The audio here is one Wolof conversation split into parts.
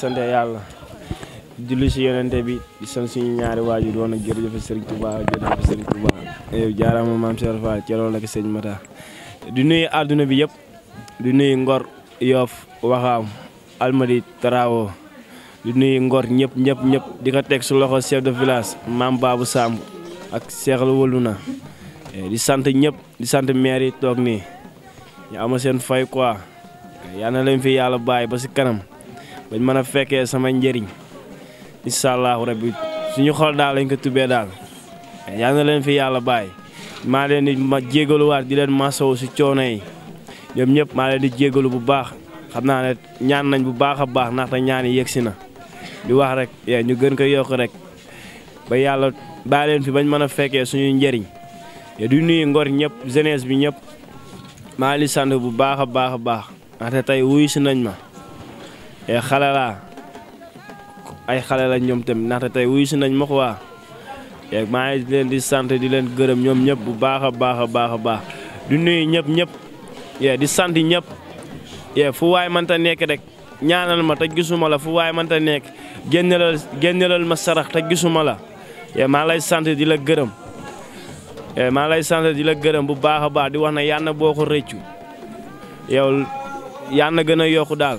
sant yàlla julli si yonente bi di sant suñu ñaari waajur woon ak jërëjëf Serigne Touba jërëjëf Serigne Touba eh, jaaraama maam Cheikh Fall ci loolu la ko sëñ di nuy àdduna bi yëpp di nuyu Ngor Yoff Waxaam Almadi Taraawo di nuyu Ngor ñëpp ñëpp ñëpp di ko teg su loxo chef de village maam Babou Samb ak Cheikh la na eh, di sant ñëpp di sant maire yi toog nii ñu ama seen fay quoi eh, yal na leen fi yàlla bàyyi ba si kanam bañ mën a fekkee sama njëriñ incha allahu rabbi suñu xol daal lañ ko tubee daal yal na leen fi yàlla bàyyi maa leen di ma jégaluwaat di leen masawu si coono yi ñoom ñëpp maa leen di jégalu bu baax xam naa ne ñaan nañ bu baax a baax ndaxte ñaan yi yegsi na di wax rek ñu gën ko yokk rek ba yàlla bàyyi leen fi bañ mën a fekkee suñu njëriñ du nuyu ngor ñëpp jeunesse bi ñëpp maa li sant bu baax a baax a baax ndaxte tey wuyu si nañ ma. Eh, xale laa ay xale la ñoom tamit ndaxte tey wuyu nañ ma ko waa maa ngi leen di sant di leen gërëm ñoom ñëpp bu baax a baax a baax a baax di nuyu ñëpp ñëpp di sant ñëpp fu waay mënta nekk rek ñaanal ma te gisuma la fu waay mënta nekk génnelal génnelal ma sarax te gisuma la maa lay sant di la gërëm maa lay sant di la gërëm bu baax a baax di wax ne yàlla boo ko rëccu yow na gën a yokku daal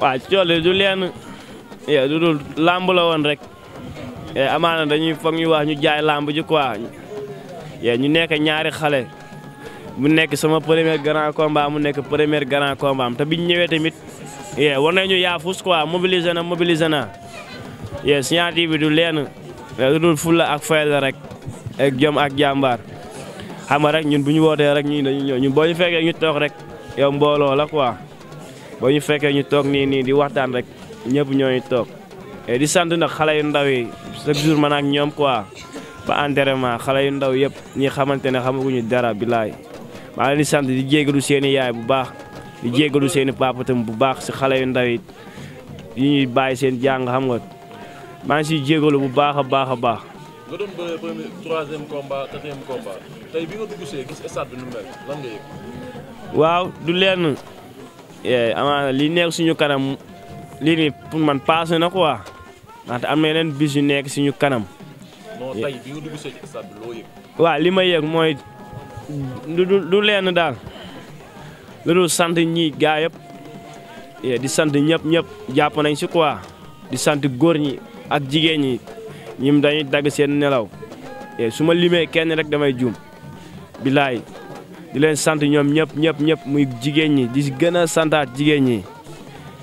waaw coole du leen du dul làmb woon rek eh, amaana dañuy foog ñu wax ñu jaay làmb ji quoi eh, ñu nekk ñaari xale mu nekk sama premier grand combat mu nekk premier grand combat am te biñ ñëwee tamit eh, war ñu yaafus quoi mobiliser na mobiliser na ñaati bi du leen du dul fulla ak fayda rek ak jom ak jàmbaar xam nga rek ñun bu ñu wootee rek ñun dañuy ñëw ñun boo ñu fekkee ñu toog rek yow mbooloo la quoi. ba ñu fekkee ñu toog nii nii di waxtaan rek ñëpp ñooñu toog et eh, di sant nag xale yu ndaw yi chaque jour man ak ñoom quoi ba entraînement xale yu ndaw yëpp ñi xamante ne xamaguñu dara bilaay maa leen di sant di jégalu seeni yaay bu baax di jégalu seeni i papa tam bu baax si xale yu ndaw yi ñuy bàyyi seen jàng xam nga maa ngi siy jégalu bu baax a baax a baax. nga doon bëre premier troisième combat quatrième combat bi nga dugg gis stade bi nu mel lan nga waaw du lenn. lii eh, li nekk suñu kanam lii nii man passé na quoi ndaxte am na yeneen bis yu nekk suñu kanam. non tey bi nga dugg sa bi loo yëg. waaw li ma yëg mooy du du lenn daal lu dul sant ñi gaa yëpp eh, di sant ñëpp ñëpp jàpp nañ si quoi di sant góor ñi ak jigéen ñi ñim dañuy dagg seen nelaw eh, su ma limee kenn rek damay juum bilaay. di leen sant ñoom ñëpp ñëpp ñëpp muy jigéen ñi di gën santaat jigéen ñi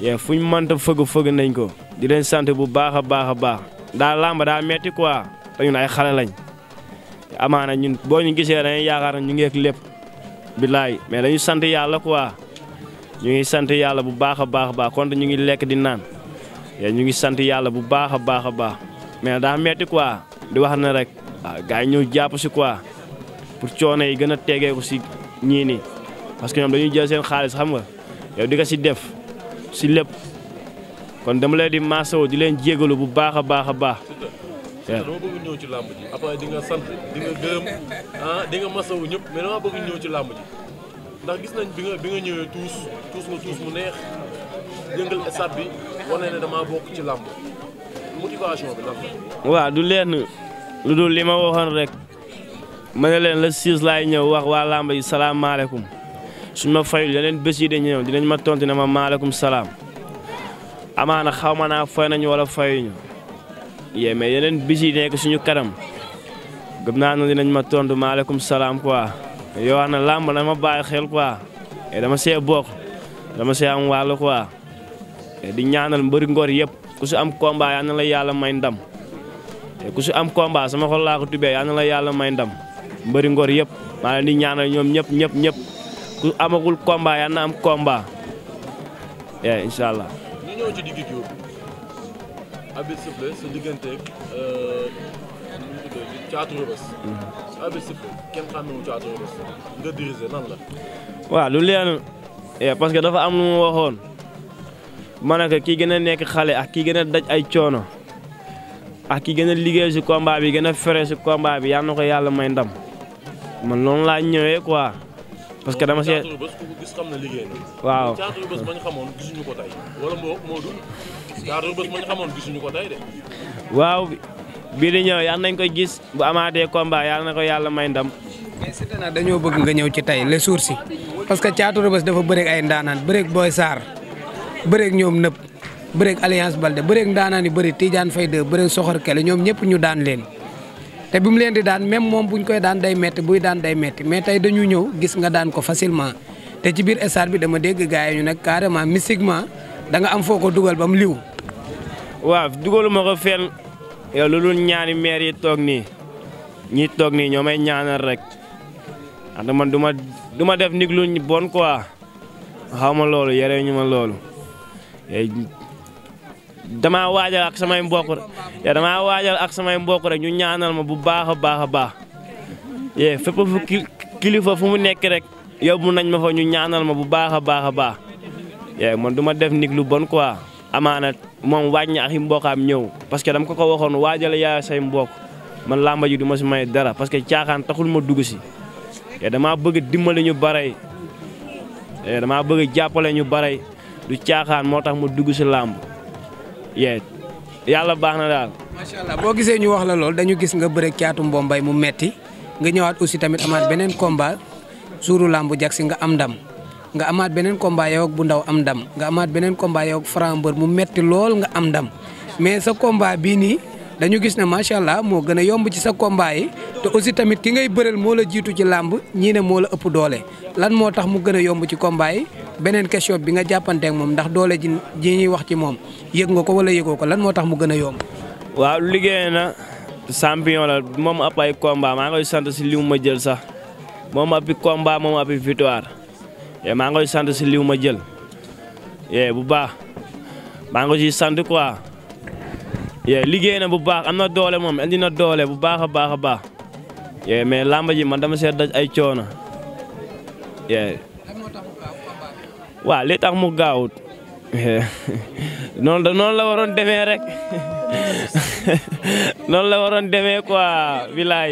yee fu ñu mënta fëgg fëgg nañ ko di leen sant bu baax a baax a baax daa làmb daa metti quoi te ñun ay xale lañ amaana ñun boo ñu gisee dañuy yaakaar ñu ngi ak lépp billaay mais dañu sant yàlla quoi ñu ngi sant yàlla bu baax a baax a baax kon ñu ngi lekk di naan yee ñu ngi sant yàlla bu baax a baax a baax mais daa metti quoi di wax rek waaw ah, gars yi ñëw jàpp pour coono yi gën a tegeeku si ñii nii parce que ñoom dañuy jël seen xaalis xam nga yow di ko si def si lépp kon dama leen di maasawu di leen jégalu bu baax a baax a baax. dama bëgg ñëw ci làmb ji après di nga sant di nga gërëm ah, di nga masawu ñëpp mais dama bëgg ñëw ci làmb ji ndax gis nañ bi nga bi nga ñëwee tuus tuus nga tuus mu neex yëngal stade bi wane ne damaa bokk ci làmb motivation du leen lu dul li ma waxoon rek. ma ne leen la siis laay ñëw wax waa làmb yi salaamaaleykum suñ ma fayul yeneen bés yi dañuy ñëw dinañ ma tontu na ma maaleykum salaam amaana xaw ma naa fay nañu wala fayuñu yee mais yeneen bés yi nekk suñu kanam gëm naa ne dinañ ma tontu maaleykum salaam quoi yow wax na làmb na ma bàyyi xel quoi et dama see bokk dama see am wàll quoi di ñaanal mbër ngoor yëpp ku si am combat yaa la yàlla may ndam te ku si am combat sama xol laa ko tubee yaa la yàlla may mbëri ngor yëpp maa leen di ñaanal ñoom ñëpp ñëpp ñëpp ku amagul combat yal na am combat eh incha allah. ñu ñëw ci digg jiw Habib Sifle sa diggante caatu lu leen parce que dafa am lu mu waxoon kii gën a nekk xale ak kii gën a daj ay coono. ak ki gën a liggéey si combat bi gën a fere si combat bi yal na yàlla may ndam ma noonu laa ñëwee parce que dama see ko waaw bii di ñëw yal nañ koy gis bu amaatee combat yal na ko yàlla may ndam. dañoo bëgg nga ñëw ci tey les sources yi parce que caatu bés dafa bëreeg ay ndaanaan bëreek Boy Sarr bëreeg ñoom nëpp bëreeg Alliance Balde bëreeg ndaanaan yu bëri Tidiane Faye 2 bëreeg Soxor Kelle ñoom ñëpp ñu daan leen. te bi mu leen di daan même moom buñ koy daan day metti buy daan day metti mais tey dañu ñëw gis nga daan ko facilement te ci biir stade bi dama dégg gars yi nag carrément mystiquement da nga am foo ko dugal ba mu liw. waaw dugaluma ko fenn lu loolu ñaari maire yi toog nii ñi toog nii ñoo may ñaanal rek ndax man du ma du ma def nit ko bon quoi xaw ma loolu yore ñu ma loolu. damaa waajal ak samay mbokk rek te damaa waajal ak samay mbokk rek ñu ñaanal ma bu baax a baax a baax yee fépp fu kilifa fu mu nekk rek yóbbu nañ ma fa ñu ñaanal ma bu baax a baax a baax yee man du ma def nit lu bon quoi amaana moom waaj na ak i mbokkaam ñëw parce que dama ko ko waxoon waajal yaay say mbokk man làmba ji du ma si may dara parce que caaxaan taxul ma dugg si te damaa bëgg dimbali ñu barey damaa bëgg jàppale ñu barey du caaxaan moo tax mu dugg si làmb yee yàlla baax na daal. macha boo gisee ñu wax la lool dañu gis nga bëre caatu Mbombay mu metti nga ñëwaat aussi tamit amaat beneen combat suuru làmbu jag si nga am ndam nga amaat beneen combat yow bu ndaw am ndam nga amaat beneen combat yow ak mu metti lool nga am ndam mais sa combat bii nii dañu gis ne macha allah moo gën a yomb ci sa combat te aussi tamit ki ngay bëreel moo la jiitu ci làmb ñii ne moo la ëpp doole lan moo tax mu gën a yomb ci combat beneen question bi nga jàppanteeg moom ndax doole ji ji ñuy wax ci moom yëg nga ko wala yëgoo ko lan moo tax mu gën a yomb. waaw liggéey na champion la moom ab ay combat maa ngi koy si li ma jël sax moom api i combat moom ab i victoire eh, maa ngi koy sant si li mu ma jël eh, bu baax maa ngi ko siy sant quoi eh, liggéey na bu baax am na doole moom indi na doole bu baax a baax a baax mais làmba ji man dama see daj ay coono. waaw li tax mu gaawut noonu noonu la waroon demee rek noonu la waroon demee quoi bilaay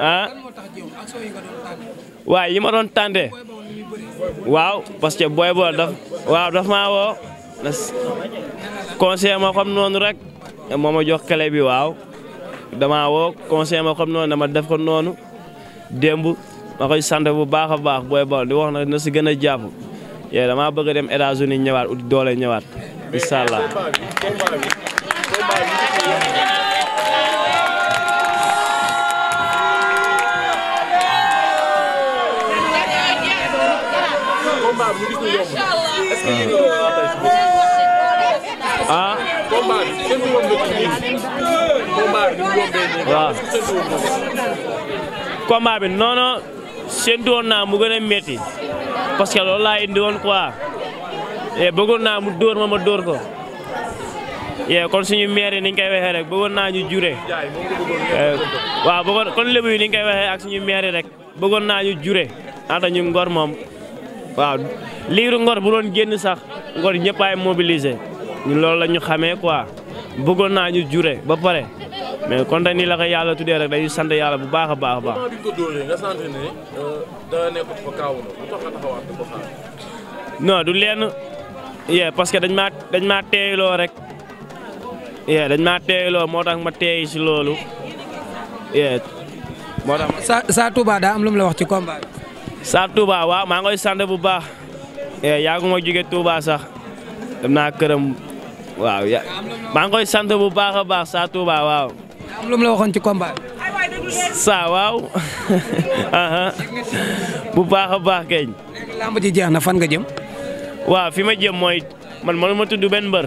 ah waaw yi ma doon tànde waaw parce que booy bool daf waaw daf maa woo conseil ma xam noonu rek moo ma jox clé bi waaw damaa woo conseil ma xam noonu ma def ko noonu démb ma koy sant bu baax a baax booy bool di wax na na si gën a jàpp yee damaa bëgg a dem États-Unis ñëwaat ut doole ñëwaat incha allah. ah. waaw. combat bi non non naa mu gën parce que loolu laa indi woon quoi et eh, naa mu dóor ma ma dóor ko yee eh, kon suñu maire yi ni ñu koy waxee rek bëggoon naa ñu jure eh, waaw bëggoon kon ñu koy waxee ak suñu maire yi rek bëggoon naa ñu jure ànd ñu ngor moom waaw liiru ngor bu doon génn sax ngor ñëpp ay mobilise ñu loolu la ñu xamee quoi bëggoon naa ñu jure ba pare mais kontaan ni la ko yàlla tuddee rek dañuy sant yàlla bu baax a baax a baax. bi nga ko dóoree nga sant ne da du lenn yee parce que dañ maa dañ maa teeyiloo rek yee dañ maa teeyiloo moo tax ma teey si loolu yee moo tax. sa sa daa am lu mu la wax ci combat bi. saa Touba waaw maa ngoy sant bu baax yaa ma jóge Touba sax dem naa këram waaw maa ngoy sant bu baax a baax saa Touba waaw. am la waxoon ci combat saa waaw bu baax a baax keñ léegi làmb ji na fan nga jëm waaw fi ma jëm mooy man mënuma tudd benn mbër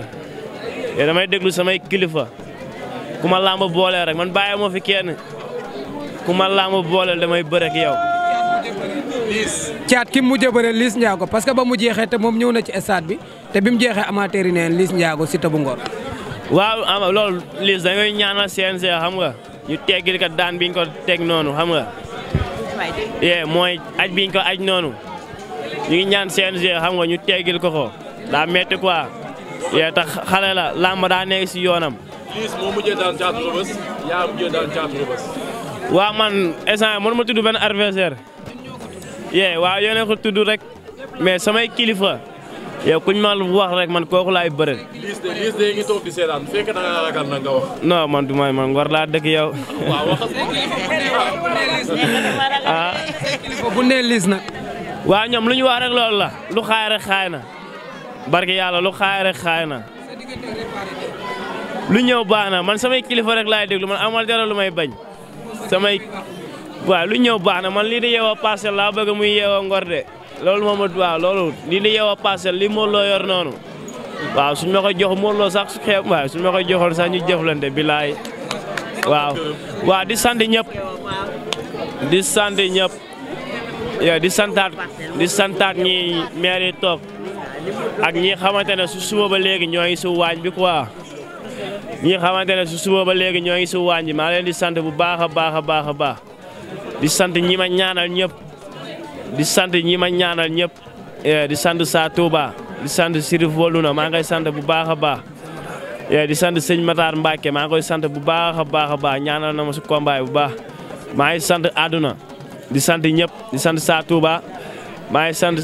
te damay déglu samay kilifa ku ma làmb boole rek man bàyyi moo fi kenn ku ma làmb boole damay bërek yow caat ki mu mujj a bëre Liss que ba mu jeexee te moom ñëw na ci stade bi te bi mu jeexee amateur yi neen Liss Ndiago Siteu bu waaw ama loolu Liss da ngay ñaanal CNG xam nga ñu teggil kat daan biñ ko teg noonu xam nga. yee mooy aj biñ ko aj noonu ñu ngi ñaan CNG xam nga ñu teggil ko ko daa métti quoi yee tax xale daa nekk si yoonam. Liss moo mujjee daan caatu rëbës yaa mujjee daan caatu rëbës. waaw man instant mën ma tudd benn adversaire yee waaw yéen ko tudd rek mais samay kilifa. yow kuñ ma wax rek man kooku laay bëre. liis man du man war laa dëgg yow. waaw wax ah. bu ne liis nag. waaw ñoom lu ñu wax rek loolu la lu xaay rek xaay na barke yàlla lu xaay rek xaay na lu ñëw baax na man samay kilifa rek laay lu man amal dara lu may bañ samay waaw lu ñëw baax na man lii di yeewoo parcelle laa bëgg muy yeewoo ngor de. loolu moom waaw loolu li li yow a li Modou loo yor noonu waaw suñ ma koy jox Modou Lo sax su xeeb waaw suñ ma koy joxoon sax ñu jëflante bilaay waaw waaw di sant ñëpp di sant ñëpp yow di santat di ñi maire yi ak ñi xamante ne su suba ba léegi ñoo ngi su waañ bi quoi ñi xamante ne su suba ba léegi ñoo ngi su waañ bi maa di sant bu baax a baax a baax a baax di sant ñi ma ñaanal ñëpp di sant ñi ma ñaanal ñëpp eh, di sant saa baa di sant Sirif Waluna maa ngay sant bu baax a baax eh, di sant sëñ Matar Mbacke maa ngi koy sant bu baax baax a baax ñaanal na ma si bu baax maa ngi sant àdduna di sant ñëpp di sant saa Touba maa ngi sant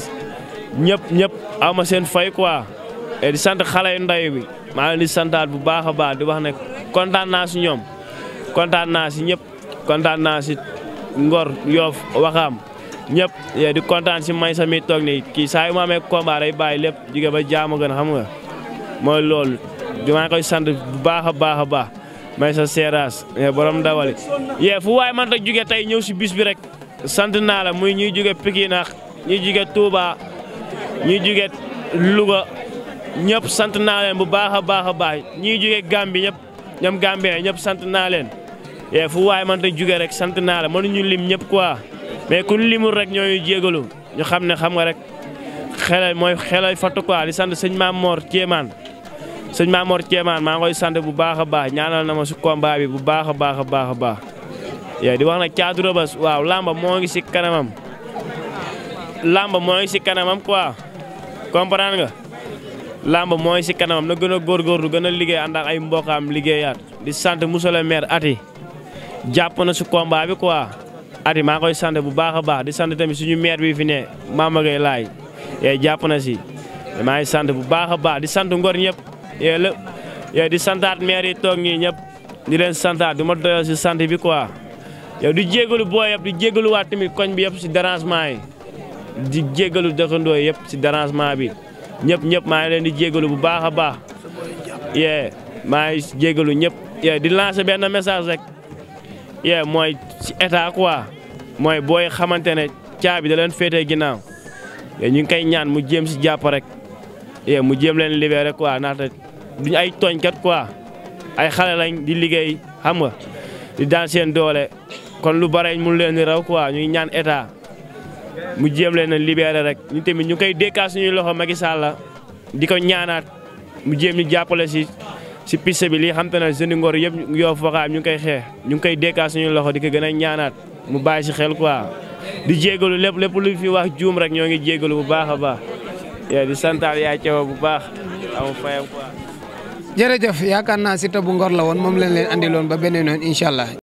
ñëpp ñëpp aw ma seen fay eh, di sant xale yu ndaw bi maa ngi di santaat bu baax a baax di wax ne kontaan naa si ñoom kontaan naa si ñëpp kontaan naa si Ngor Yoff Waxaam ñëpp eh, di kontaan si may sami toog nii kii saa yu ma amee combat day bàyyi lépp jóge ba jaamu gën xam nga mooy loolu maa ngi sant bu baax a baax a baax may sa seeraas eh, borom dawali yee fu waaye man ta jóge tey ñëw si bis bi rek sant naa la muy ñuy jóge Pikine ñuy jóge Touba ñuy jóge Louga ñëpp sant naa leen bu baax a baax a baax ñuy jóge Gambie ñëpp ñoom Gambien ñëpp sant naa leen yee fu waaye man ta jóge rek sant naa la ñu lim ñëpp quoi mais ku limul rek ñooñu jégalu ñu xam ne xam nga rek xelal mooy xelal fatu quoi di sant sëñ Maam Mor sëñ Maam Mor Céemaan maa ngi sant bu baax a baax ñaanal na ma si combat bu baax a baax baax a baax di wax nag caatu rëbës waaw làmba moo ngi si kanamam lamba moo ngi si kanamam quoi comprendre nga lamba moo ngi si kanamam na gën a góorgóorlu gën a liggéey ànd ay mbokkaam liggéeyaat di sant monsieur le maire ati jàpp na si combat bi quoi Adi maa koy sant bu baax a baax di sant tamit suñu maire bi fi ne Mama Gueye laay yee eh, jàpp na si maa ngi sant bu baax a baax di sant ngor ñëpp yee eh, eh, di santaat maire yi toog ñii ñëpp di leen santaat du ma doyoo si sant bi quoi. yow di jégalu boo yëpp di jégaluwaat tamit koñ bi yëpp si dérangement yi di jégalu dëkkandoo yëpp si dérangement bi ñëpp ñëpp maa ngi leen di jégalu bu baax a baax yee maa ngi jégalu ñëpp yee di lancer benn message rek. yee mooy ci état quoi mooy boo xamante ne caabi da leen féetee ginnaaw ñu ngi koy ñaan mu jéem si jàpp rek yee mu jéem leen libéré quoi naata duñ ay tooñkat quoi ay xale lañ di liggéey xam nga di daan seen doole kon lu bare mun leen di raw quoi ñuy ñaan état mu jéem leen a rek ñu tamit ñu koy dékkaa suñuy loxo Macky Sall di ko ñaanaat mu jéem ñu si si piste bi li xam te ne jeune Ngor yëpp Yoff Ouakam ñu ngi koy xeex ñu ngi koy dékkaa suñu loxo di ko gën a ñaanaat mu bàyyi si xel quoi di jégalu lépp lépp lu fi wax juum rek ñoo ngi jégalu bu baax a baax di santaal yaay Thiaw bu baax amu fayam quoi. jërëjëf yaakaar naa si bu Ngor la woon moom lañ leen andiloon ba beneen yoon incha allah